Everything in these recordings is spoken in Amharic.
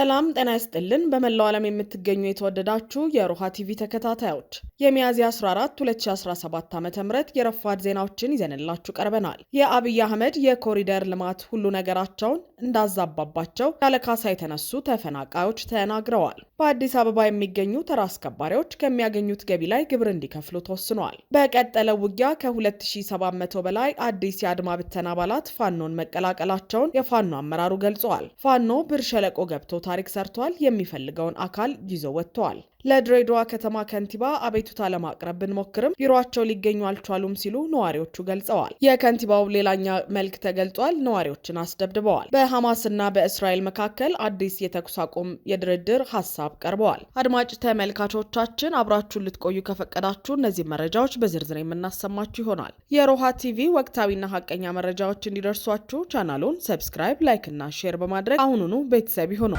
ሰላም ጤና ይስጥልን። በመላው ዓለም የምትገኙ የተወደዳችሁ የሮሃ ቲቪ ተከታታዮች የሚያዝያ 14 2017 ዓ ም የረፋድ ዜናዎችን ይዘንላችሁ ቀርበናል። የአብይ አህመድ የኮሪደር ልማት ሁሉ ነገራቸውን እንዳዛባባቸው ያለ ካሳ የተነሱ ተፈናቃዮች ተናግረዋል። በአዲስ አበባ የሚገኙ ተራ አስከባሪዎች ከሚያገኙት ገቢ ላይ ግብር እንዲከፍሉ ተወስኗል። በቀጠለው ውጊያ ከ2700 በላይ አዲስ የአድማ ብተና አባላት ፋኖን መቀላቀላቸውን የፋኖ አመራሩ ገልጸዋል። ፋኖ ብር ሸለቆ ገብቶ ታሪክ ሰርተዋል። የሚፈልገውን አካል ይዞ ወጥተዋል። ለድሬዳዋ ከተማ ከንቲባ አቤቱታ ለማቅረብ ብንሞክርም ቢሮቸው ሊገኙ አልቻሉም ሲሉ ነዋሪዎቹ ገልጸዋል። የከንቲባው ሌላኛ መልክ ተገልጧል። ነዋሪዎችን አስደብድበዋል። በሐማስና በእስራኤል መካከል አዲስ የተኩስ አቁም የድርድር ሀሳብ ቀርበዋል። አድማጭ ተመልካቾቻችን አብራችሁን ልትቆዩ ከፈቀዳችሁ እነዚህ መረጃዎች በዝርዝር የምናሰማችሁ ይሆናል። የሮሃ ቲቪ ወቅታዊና ሀቀኛ መረጃዎች እንዲደርሷችሁ ቻናሉን ሰብስክራይብ፣ ላይክ እና ሼር በማድረግ አሁኑኑ ቤተሰብ ይሁኑ።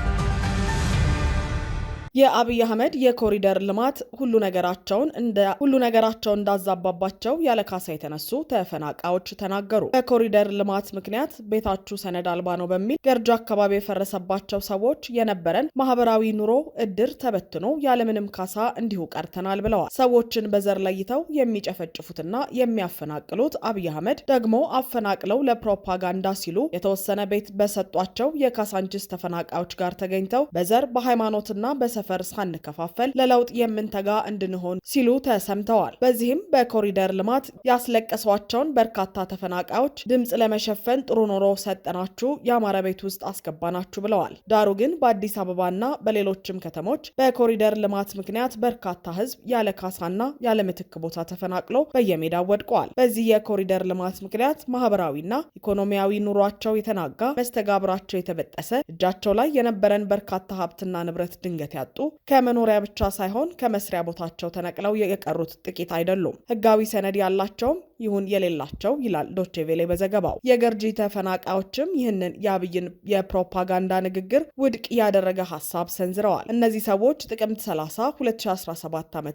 የአብይ አህመድ የኮሪደር ልማት ሁሉ ነገራቸውን እንደ ሁሉ ነገራቸውን እንዳዛባባቸው ያለ ካሳ የተነሱ ተፈናቃዮች ተናገሩ። በኮሪደር ልማት ምክንያት ቤታችሁ ሰነድ አልባ ነው በሚል ገርጃ አካባቢ የፈረሰባቸው ሰዎች የነበረን ማህበራዊ ኑሮ እድር ተበትኖ ያለምንም ካሳ እንዲሁ ቀርተናል ብለዋል። ሰዎችን በዘር ለይተው የሚጨፈጭፉትና የሚያፈናቅሉት አብይ አህመድ ደግሞ አፈናቅለው ለፕሮፓጋንዳ ሲሉ የተወሰነ ቤት በሰጧቸው የካሳንችስ ተፈናቃዮች ጋር ተገኝተው በዘር በሃይማኖትና በሰ ሰፈር ሳንከፋፈል ለለውጥ የምንተጋ እንድንሆን ሲሉ ተሰምተዋል። በዚህም በኮሪደር ልማት ያስለቀሷቸውን በርካታ ተፈናቃዮች ድምፅ ለመሸፈን ጥሩ ኑሮ ሰጠናችሁ፣ የአማረ ቤት ውስጥ አስገባናችሁ ብለዋል። ዳሩ ግን በአዲስ አበባና በሌሎችም ከተሞች በኮሪደር ልማት ምክንያት በርካታ ህዝብ ያለ ካሳና ያለ ምትክ ቦታ ተፈናቅሎ በየሜዳው ወድቀዋል። በዚህ የኮሪደር ልማት ምክንያት ማህበራዊና ኢኮኖሚያዊ ኑሯቸው የተናጋ መስተጋብራቸው የተበጠሰ እጃቸው ላይ የነበረን በርካታ ሀብትና ንብረት ድንገት ያጡ ያጡ ከመኖሪያ ብቻ ሳይሆን ከመስሪያ ቦታቸው ተነቅለው የቀሩት ጥቂት አይደሉም። ህጋዊ ሰነድ ያላቸውም ይሁን የሌላቸው ይላል ዶቼቬሌ በዘገባው። የገርጂ ተፈናቃዮችም ይህንን የአብይን የፕሮፓጋንዳ ንግግር ውድቅ ያደረገ ሀሳብ ሰንዝረዋል። እነዚህ ሰዎች ጥቅምት 30 2017 ዓ ም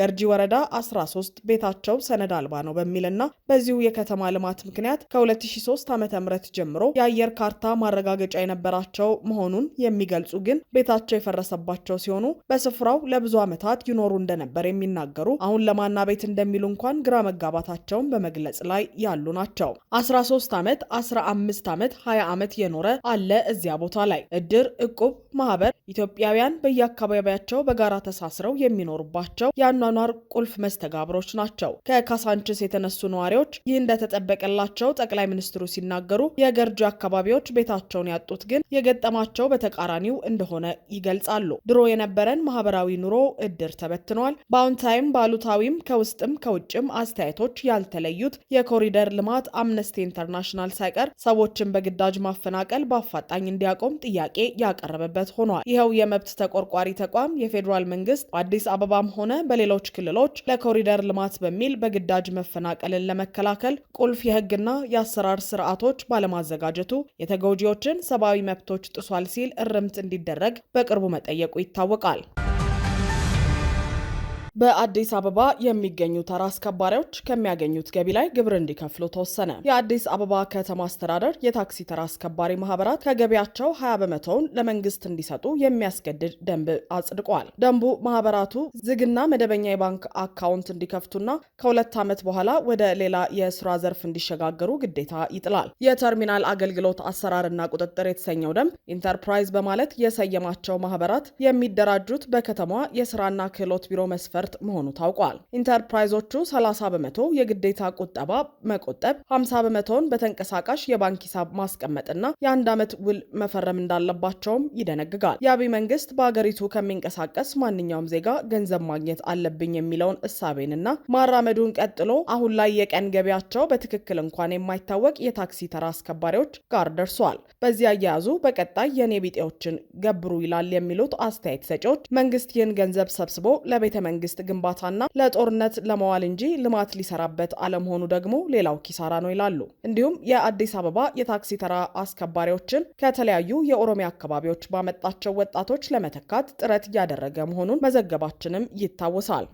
ገርጂ ወረዳ 13 ቤታቸው ሰነድ አልባ ነው በሚልና በዚሁ የከተማ ልማት ምክንያት ከ2003 ዓ ም ጀምሮ የአየር ካርታ ማረጋገጫ የነበራቸው መሆኑን የሚገልጹ ግን ቤታቸው የፈረሰባቸው ሲሆኑ በስፍራው ለብዙ ዓመታት ይኖሩ እንደነበር የሚናገሩ አሁን ለማና ቤት እንደሚሉ እንኳን ግራ መጋባታቸው መሆናቸውን በመግለጽ ላይ ያሉ ናቸው። 13 ዓመት፣ 15 ዓመት፣ 20 ዓመት የኖረ አለ እዚያ ቦታ ላይ እድር፣ እቁብ፣ ማህበር ኢትዮጵያውያን በየአካባቢያቸው በጋራ ተሳስረው የሚኖሩባቸው የአኗኗር ቁልፍ መስተጋብሮች ናቸው። ከካሳንችስ የተነሱ ነዋሪዎች ይህ እንደተጠበቀላቸው ጠቅላይ ሚኒስትሩ ሲናገሩ፣ የገርጂ አካባቢዎች ቤታቸውን ያጡት ግን የገጠማቸው በተቃራኒው እንደሆነ ይገልጻሉ። ድሮ የነበረን ማህበራዊ ኑሮ እድር ተበትኗል። በአሁን ታይም ባሉታዊም ከውስጥም ከውጭም አስተያየቶች ያልተ ያልተለዩት የኮሪደር ልማት አምነስቲ ኢንተርናሽናል ሳይቀር ሰዎችን በግዳጅ ማፈናቀል በአፋጣኝ እንዲያቆም ጥያቄ ያቀረበበት ሆኗል። ይኸው የመብት ተቆርቋሪ ተቋም የፌዴራል መንግስት በአዲስ አበባም ሆነ በሌሎች ክልሎች ለኮሪደር ልማት በሚል በግዳጅ መፈናቀልን ለመከላከል ቁልፍ የህግና የአሰራር ስርዓቶች ባለማዘጋጀቱ የተጎጂዎችን ሰብአዊ መብቶች ጥሷል ሲል እርምት እንዲደረግ በቅርቡ መጠየቁ ይታወቃል። በአዲስ አበባ የሚገኙ ተራ አስከባሪዎች ከሚያገኙት ገቢ ላይ ግብር እንዲከፍሉ ተወሰነ። የአዲስ አበባ ከተማ አስተዳደር የታክሲ ተራ አስከባሪ ማህበራት ከገቢያቸው 20 በመቶውን ለመንግስት እንዲሰጡ የሚያስገድድ ደንብ አጽድቋል። ደንቡ ማህበራቱ ዝግና መደበኛ የባንክ አካውንት እንዲከፍቱና ከሁለት ዓመት በኋላ ወደ ሌላ የስራ ዘርፍ እንዲሸጋገሩ ግዴታ ይጥላል። የተርሚናል አገልግሎት አሰራርና ቁጥጥር የተሰኘው ደንብ ኢንተርፕራይዝ በማለት የሰየማቸው ማህበራት የሚደራጁት በከተማ የስራና ክህሎት ቢሮ መስፈር መስፈርት መሆኑ ታውቋል። ኢንተርፕራይዞቹ 30 በመቶ የግዴታ ቁጠባ መቆጠብ፣ 50 በመቶውን በተንቀሳቃሽ የባንክ ሂሳብ ማስቀመጥና የአንድ ዓመት ውል መፈረም እንዳለባቸውም ይደነግጋል። የአብይ መንግስት በአገሪቱ ከሚንቀሳቀስ ማንኛውም ዜጋ ገንዘብ ማግኘት አለብኝ የሚለውን እሳቤንና ማራመዱን ቀጥሎ አሁን ላይ የቀን ገቢያቸው በትክክል እንኳን የማይታወቅ የታክሲ ተራ አስከባሪዎች ጋር ደርሷል። በዚህ አያያዙ በቀጣይ የኔ ቢጤዎችን ገብሩ ይላል የሚሉት አስተያየት ሰጪዎች መንግስት ይህን ገንዘብ ሰብስቦ ለቤተ መንግስት ለመንግስት ግንባታና ለጦርነት ለመዋል እንጂ ልማት ሊሰራበት አለመሆኑ ደግሞ ሌላው ኪሳራ ነው ይላሉ። እንዲሁም የአዲስ አበባ የታክሲ ተራ አስከባሪዎችን ከተለያዩ የኦሮሚያ አካባቢዎች ባመጣቸው ወጣቶች ለመተካት ጥረት እያደረገ መሆኑን መዘገባችንም ይታወሳል።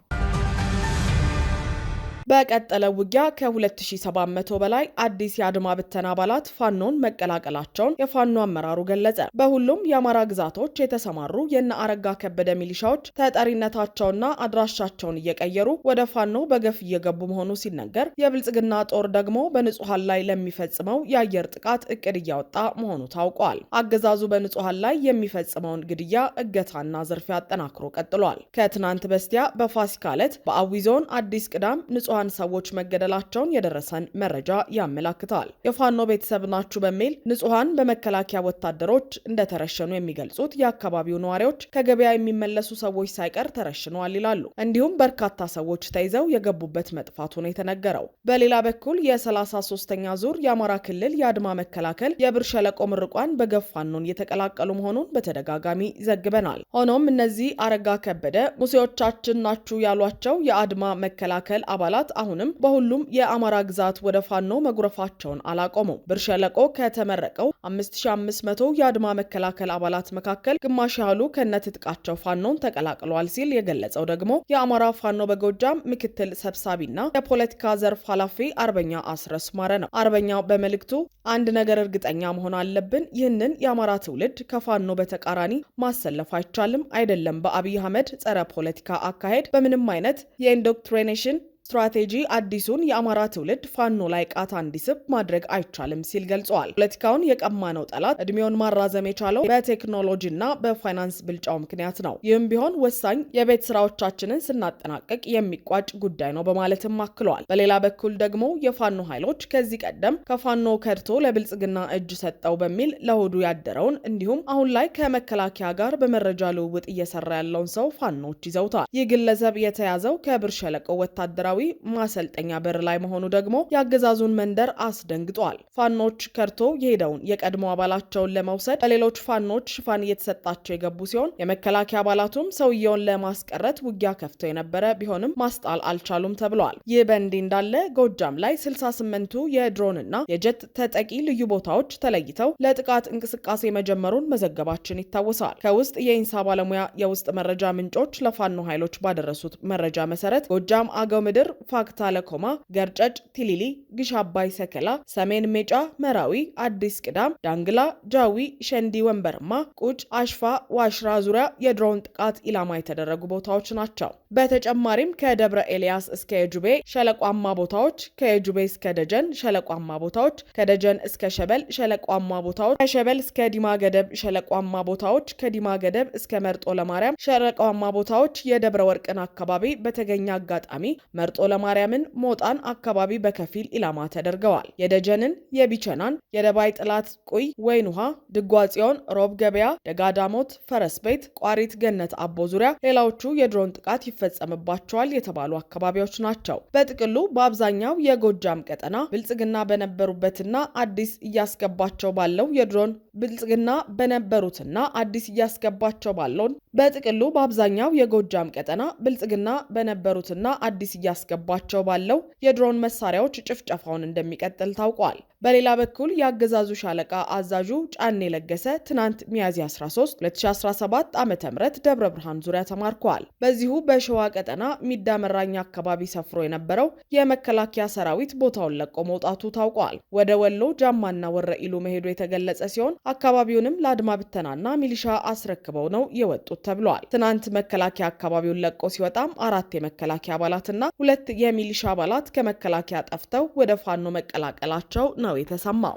በቀጠለው ውጊያ ከ2700 በላይ አዲስ የአድማ ብተና አባላት ፋኖን መቀላቀላቸውን የፋኖ አመራሩ ገለጸ። በሁሉም የአማራ ግዛቶች የተሰማሩ የነ አረጋ ከበደ ሚሊሻዎች ተጠሪነታቸውና አድራሻቸውን እየቀየሩ ወደ ፋኖ በገፍ እየገቡ መሆኑ ሲነገር፣ የብልጽግና ጦር ደግሞ በንጹሐን ላይ ለሚፈጽመው የአየር ጥቃት እቅድ እያወጣ መሆኑ ታውቋል። አገዛዙ በንጹሐን ላይ የሚፈጽመውን ግድያ፣ እገታና ዝርፊያ አጠናክሮ ቀጥሏል። ከትናንት በስቲያ በፋሲካ ዕለት በአዊ ዞን አዲስ ቅዳም ንጹሐ ንጹሐን ሰዎች መገደላቸውን የደረሰን መረጃ ያመላክታል። የፋኖ ቤተሰብ ናችሁ በሚል ንጹሐን በመከላከያ ወታደሮች እንደተረሸኑ የሚገልጹት የአካባቢው ነዋሪዎች ከገበያ የሚመለሱ ሰዎች ሳይቀር ተረሽነዋል ይላሉ። እንዲሁም በርካታ ሰዎች ተይዘው የገቡበት መጥፋቱ ነው የተነገረው። በሌላ በኩል የ33ኛ ዙር የአማራ ክልል የአድማ መከላከል የብር ሸለቆ ምርቋን በገፋኖን እየተቀላቀሉ መሆኑን በተደጋጋሚ ዘግበናል። ሆኖም እነዚህ አረጋ ከበደ ሙሴዎቻችን ናችሁ ያሏቸው የአድማ መከላከል አባላት አሁንም በሁሉም የአማራ ግዛት ወደ ፋኖ መጉረፋቸውን አላቆመው። ብር ሸለቆ ከተመረቀው 5500 የአድማ መከላከል አባላት መካከል ግማሽ ያህሉ ከነትጥቃቸው ፋኖን ተቀላቅለዋል ሲል የገለጸው ደግሞ የአማራ ፋኖ በጎጃም ምክትል ሰብሳቢና የፖለቲካ ዘርፍ ኃላፊ አርበኛ አስረስ ማረ ነው። አርበኛው በመልእክቱ አንድ ነገር እርግጠኛ መሆን አለብን። ይህንን የአማራ ትውልድ ከፋኖ በተቃራኒ ማሰለፍ አይቻልም። አይደለም በአብይ አህመድ ጸረ ፖለቲካ አካሄድ በምንም አይነት የኢንዶክትሪኔሽን ስትራቴጂ አዲሱን የአማራ ትውልድ ፋኖ ላይ ቃታ እንዲስብ ማድረግ አይቻልም ሲል ገልጸዋል። ፖለቲካውን የቀማነው ጠላት እድሜውን ማራዘም የቻለው በቴክኖሎጂና በፋይናንስ ብልጫው ምክንያት ነው። ይህም ቢሆን ወሳኝ የቤት ስራዎቻችንን ስናጠናቀቅ የሚቋጭ ጉዳይ ነው በማለትም አክለዋል። በሌላ በኩል ደግሞ የፋኖ ኃይሎች ከዚህ ቀደም ከፋኖ ከድቶ ለብልጽግና እጅ ሰጠው በሚል ለሆዱ ያደረውን እንዲሁም አሁን ላይ ከመከላከያ ጋር በመረጃ ልውውጥ እየሰራ ያለውን ሰው ፋኖች ይዘውታል። ይህ ግለሰብ የተያዘው ከብር ሸለቆ ወታደራዊ ወታደራዊ ማሰልጠኛ በር ላይ መሆኑ ደግሞ የአገዛዙን መንደር አስደንግጧል። ፋኖች ከርቶ የሄደውን የቀድሞ አባላቸውን ለመውሰድ ለሌሎች ፋኖች ሽፋን እየተሰጣቸው የገቡ ሲሆን የመከላከያ አባላቱም ሰውየውን ለማስቀረት ውጊያ ከፍተው የነበረ ቢሆንም ማስጣል አልቻሉም ተብሏል። ይህ በእንዲህ እንዳለ ጎጃም ላይ 68ቱ የድሮንና የጀት ተጠቂ ልዩ ቦታዎች ተለይተው ለጥቃት እንቅስቃሴ መጀመሩን መዘገባችን ይታወሳል። ከውስጥ የኢንሳ ባለሙያ የውስጥ መረጃ ምንጮች ለፋኖ ኃይሎች ባደረሱት መረጃ መሰረት ጎጃም አገው ምድር ጎንደር፣ ፋግታ ለኮማ፣ ገርጨጭ፣ ቲሊሊ፣ ግሽ አባይ፣ ሰከላ፣ ሰሜን ሜጫ፣ መራዊ፣ አዲስ ቅዳም፣ ዳንግላ፣ ጃዊ፣ ሸንዲ፣ ወንበርማ፣ ቁጭ፣ አሽፋ፣ ዋሽራ ዙሪያ የድሮውን ጥቃት ኢላማ የተደረጉ ቦታዎች ናቸው። በተጨማሪም ከደብረ ኤልያስ እስከ የጁቤ ሸለቋማ ቦታዎች፣ ከየጁቤ እስከ ደጀን ሸለቋማ ቦታዎች፣ ከደጀን እስከ ሸበል ሸለቋማ ቦታዎች፣ ከሸበል እስከ ዲማ ገደብ ሸለቋማ ቦታዎች፣ ከዲማ ገደብ እስከ መርጦ ለማርያም ሸለቋማ ቦታዎች የደብረ ወርቅን አካባቢ በተገኘ አጋጣሚ መርጦ ለማርያምን፣ ሞጣን አካባቢ በከፊል ኢላማ ተደርገዋል። የደጀንን፣ የቢቸናን፣ የደባይ ጥላት ቁይ፣ ወይን ውሃ፣ ድጓጽዮን፣ ሮብ ገበያ፣ ደጋዳሞት፣ ፈረስ ቤት፣ ቋሪት ገነት አቦ ዙሪያ ሌላዎቹ የድሮን ጥቃት ይፈጸምባቸዋል የተባሉ አካባቢዎች ናቸው። በጥቅሉ በአብዛኛው የጎጃም ቀጠና ብልጽግና በነበሩበትና አዲስ እያስገባቸው ባለው የድሮን ብልጽግና በነበሩትና አዲስ እያስገባቸው ባለውን በጥቅሉ በአብዛኛው የጎጃም ቀጠና ብልጽግና በነበሩትና አዲስ እያስገባቸው ባለው የድሮን መሳሪያዎች ጭፍጨፋውን እንደሚቀጥል ታውቋል። በሌላ በኩል የአገዛዙ ሻለቃ አዛዡ ጫኔ ለገሰ ትናንት ሚያዝያ 13 2017 ዓ ም ደብረ ብርሃን ዙሪያ ተማርከዋል። በዚሁ በሸዋ ቀጠና ሚዳመራኛ አካባቢ ሰፍሮ የነበረው የመከላከያ ሰራዊት ቦታውን ለቆ መውጣቱ ታውቋል። ወደ ወሎ ጃማና ወረ ኢሉ መሄዱ የተገለጸ ሲሆን አካባቢውንም ለአድማ ብተናና ሚሊሻ አስረክበው ነው የወጡት ተብሏል። ትናንት መከላከያ አካባቢውን ለቆ ሲወጣም አራት የመከላከያ አባላትና ሁለት የሚሊሻ አባላት ከመከላከያ ጠፍተው ወደ ፋኖ መቀላቀላቸው ነው noite essa é mão.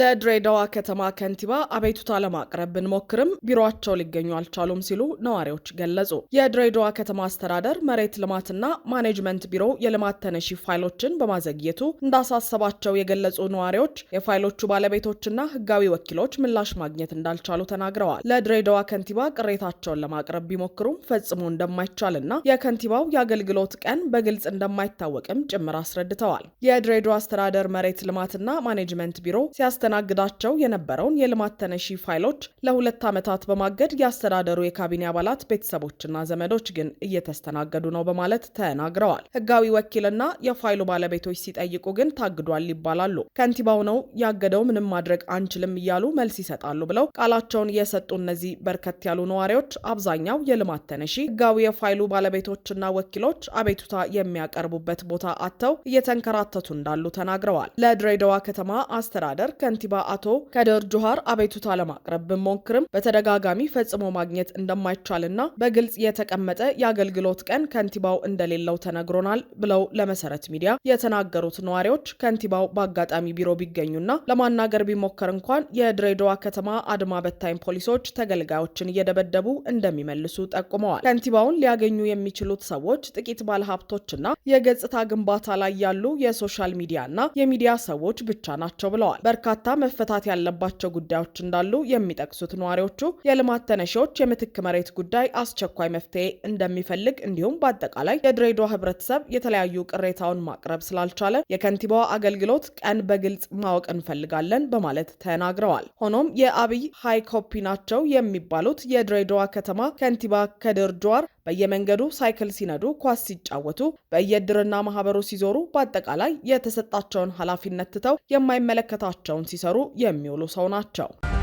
ለድሬዳዋ ከተማ ከንቲባ አቤቱታ ለማቅረብ ብንሞክርም ቢሮቸው ሊገኙ አልቻሉም ሲሉ ነዋሪዎች ገለጹ። የድሬዳዋ ከተማ አስተዳደር መሬት ልማትና ማኔጅመንት ቢሮ የልማት ተነሺ ፋይሎችን በማዘግየቱ እንዳሳሰባቸው የገለጹ ነዋሪዎች የፋይሎቹ ባለቤቶችና ሕጋዊ ወኪሎች ምላሽ ማግኘት እንዳልቻሉ ተናግረዋል። ለድሬዳዋ ከንቲባ ቅሬታቸውን ለማቅረብ ቢሞክሩም ፈጽሞ እንደማይቻልና የከንቲባው የአገልግሎት ቀን በግልጽ እንደማይታወቅም ጭምር አስረድተዋል። የድሬዳዋ አስተዳደር መሬት ልማትና ማኔጅመንት ቢሮ ሲያስ ሲያስተናግዳቸው የነበረውን የልማት ተነሺ ፋይሎች ለሁለት ዓመታት በማገድ የአስተዳደሩ የካቢኔ አባላት ቤተሰቦችና ዘመዶች ግን እየተስተናገዱ ነው በማለት ተናግረዋል። ህጋዊ ወኪልና የፋይሉ ባለቤቶች ሲጠይቁ ግን ታግዷል ይባላሉ። ከንቲባው ነው ያገደው፣ ምንም ማድረግ አንችልም እያሉ መልስ ይሰጣሉ ብለው ቃላቸውን የሰጡ እነዚህ በርከት ያሉ ነዋሪዎች አብዛኛው የልማት ተነሺ ሕጋዊ የፋይሉ ባለቤቶችና ወኪሎች አቤቱታ የሚያቀርቡበት ቦታ አጥተው እየተንከራተቱ እንዳሉ ተናግረዋል። ለድሬዳዋ ከተማ አስተዳደር ከንቲባ አቶ ከደር ጆሃር አቤቱታ ለማቅረብ ብንሞክርም በተደጋጋሚ ፈጽሞ ማግኘት እንደማይቻልና በግልጽ የተቀመጠ የአገልግሎት ቀን ከንቲባው እንደሌለው ተነግሮናል ብለው ለመሰረት ሚዲያ የተናገሩት ነዋሪዎች ከንቲባው በአጋጣሚ ቢሮ ቢገኙና ለማናገር ቢሞከር እንኳን የድሬዳዋ ከተማ አድማ በታኝ ፖሊሶች ተገልጋዮችን እየደበደቡ እንደሚመልሱ ጠቁመዋል። ከንቲባውን ሊያገኙ የሚችሉት ሰዎች ጥቂት ባለሀብቶችና የገጽታ ግንባታ ላይ ያሉ የሶሻል ሚዲያና የሚዲያ ሰዎች ብቻ ናቸው ብለዋል። በርካታ በርካታ መፈታት ያለባቸው ጉዳዮች እንዳሉ የሚጠቅሱት ነዋሪዎቹ የልማት ተነሺዎች የምትክ መሬት ጉዳይ አስቸኳይ መፍትሄ እንደሚፈልግ እንዲሁም በአጠቃላይ የድሬዳዋ ህብረተሰብ የተለያዩ ቅሬታውን ማቅረብ ስላልቻለ የከንቲባዋ አገልግሎት ቀን በግልጽ ማወቅ እንፈልጋለን በማለት ተናግረዋል። ሆኖም የአብይ ሃይ ኮፒ ናቸው የሚባሉት የድሬዳዋ ከተማ ከንቲባ ከድር ጁዋር በየመንገዱ ሳይክል ሲነዱ፣ ኳስ ሲጫወቱ፣ በየእድርና ማህበሩ ሲዞሩ በአጠቃላይ የተሰጣቸውን ኃላፊነት ትተው የማይመለከታቸውን ስራውን ሲሰሩ የሚውሉ ሰው ናቸው።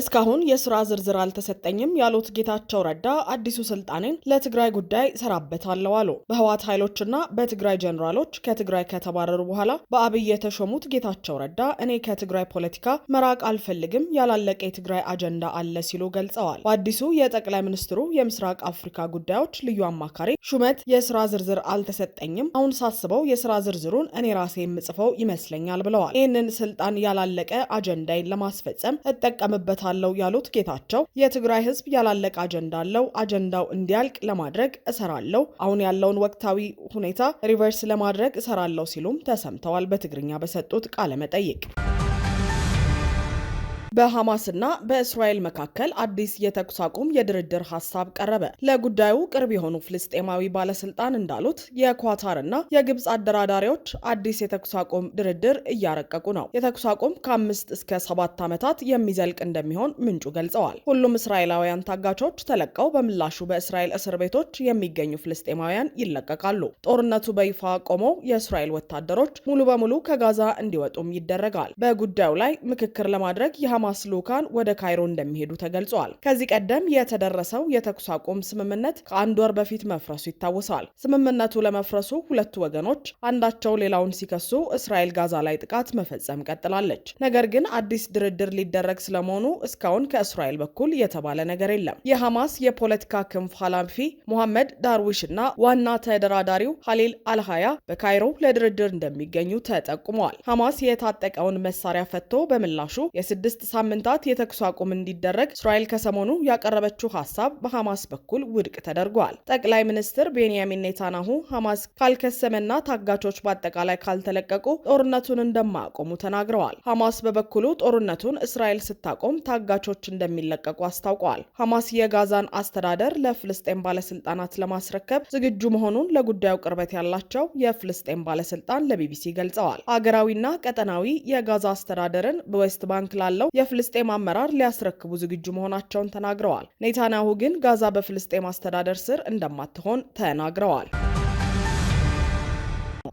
እስካሁን የስራ ዝርዝር አልተሰጠኝም ያሉት ጌታቸው ረዳ አዲሱ ስልጣኔን ለትግራይ ጉዳይ ሰራበታለሁ አሉ። በህዋት ኃይሎችና በትግራይ ጀኔራሎች ከትግራይ ከተባረሩ በኋላ በአብይ የተሾሙት ጌታቸው ረዳ እኔ ከትግራይ ፖለቲካ መራቅ አልፈልግም፣ ያላለቀ የትግራይ አጀንዳ አለ ሲሉ ገልጸዋል። በአዲሱ የጠቅላይ ሚኒስትሩ የምስራቅ አፍሪካ ጉዳዮች ልዩ አማካሪ ሹመት የስራ ዝርዝር አልተሰጠኝም፣ አሁን ሳስበው የስራ ዝርዝሩን እኔ ራሴ የምጽፈው ይመስለኛል ብለዋል። ይህንን ስልጣን ያላለቀ አጀንዳይን ለማስፈጸም እጠቀምበታል አደርሳለሁ ያሉት ጌታቸው የትግራይ ህዝብ ያላለቀ አጀንዳ አለው። አጀንዳው እንዲያልቅ ለማድረግ እሰራለሁ። አሁን ያለውን ወቅታዊ ሁኔታ ሪቨርስ ለማድረግ እሰራለሁ ሲሉም ተሰምተዋል። በትግርኛ በሰጡት ቃለ መጠይቅ በሐማስና በእስራኤል መካከል አዲስ የተኩስ አቁም የድርድር ሀሳብ ቀረበ። ለጉዳዩ ቅርብ የሆኑ ፍልስጤማዊ ባለስልጣን እንዳሉት የኳታርና የግብፅ አደራዳሪዎች አዲስ የተኩስ አቁም ድርድር እያረቀቁ ነው። የተኩስ አቁም ከአምስት እስከ ሰባት ዓመታት የሚዘልቅ እንደሚሆን ምንጩ ገልጸዋል። ሁሉም እስራኤላውያን ታጋቾች ተለቀው በምላሹ በእስራኤል እስር ቤቶች የሚገኙ ፍልስጤማውያን ይለቀቃሉ። ጦርነቱ በይፋ ቆመው የእስራኤል ወታደሮች ሙሉ በሙሉ ከጋዛ እንዲወጡም ይደረጋል። በጉዳዩ ላይ ምክክር ለማድረግ የሐማ የሐማስ ልዑካን ወደ ካይሮ እንደሚሄዱ ተገልጿል። ከዚህ ቀደም የተደረሰው የተኩስ አቁም ስምምነት ከአንድ ወር በፊት መፍረሱ ይታወሳል። ስምምነቱ ለመፍረሱ ሁለቱ ወገኖች አንዳቸው ሌላውን ሲከሱ እስራኤል ጋዛ ላይ ጥቃት መፈጸም ቀጥላለች። ነገር ግን አዲስ ድርድር ሊደረግ ስለመሆኑ እስካሁን ከእስራኤል በኩል የተባለ ነገር የለም። የሐማስ የፖለቲካ ክንፍ ኃላፊ ሞሐመድ ዳርዊሽ እና ዋና ተደራዳሪው ሀሊል አልሃያ በካይሮ ለድርድር እንደሚገኙ ተጠቁመዋል። ሐማስ የታጠቀውን መሳሪያ ፈቶ በምላሹ የስድስት ሳምንታት የተኩስ አቁም እንዲደረግ እስራኤል ከሰሞኑ ያቀረበችው ሀሳብ በሐማስ በኩል ውድቅ ተደርጓል። ጠቅላይ ሚኒስትር ቤንያሚን ኔታናሁ ሐማስ ካልከሰመና ታጋቾች በአጠቃላይ ካልተለቀቁ ጦርነቱን እንደማያቆሙ ተናግረዋል። ሐማስ በበኩሉ ጦርነቱን እስራኤል ስታቆም ታጋቾች እንደሚለቀቁ አስታውቋል። ሐማስ የጋዛን አስተዳደር ለፍልስጤም ባለስልጣናት ለማስረከብ ዝግጁ መሆኑን ለጉዳዩ ቅርበት ያላቸው የፍልስጤም ባለስልጣን ለቢቢሲ ገልጸዋል። አገራዊና ቀጠናዊ የጋዛ አስተዳደርን በዌስት ባንክ ላለው የፍልስጤም አመራር ሊያስረክቡ ዝግጁ መሆናቸውን ተናግረዋል። ኔታንያሁ ግን ጋዛ በፍልስጤም አስተዳደር ስር እንደማትሆን ተናግረዋል።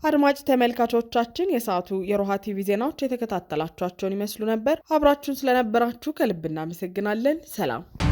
አድማጭ ተመልካቾቻችን የሰዓቱ የሮሃ ቲቪ ዜናዎች የተከታተላችኋቸውን ይመስሉ ነበር። አብራችሁን ስለነበራችሁ ከልብ እናመሰግናለን። ሰላም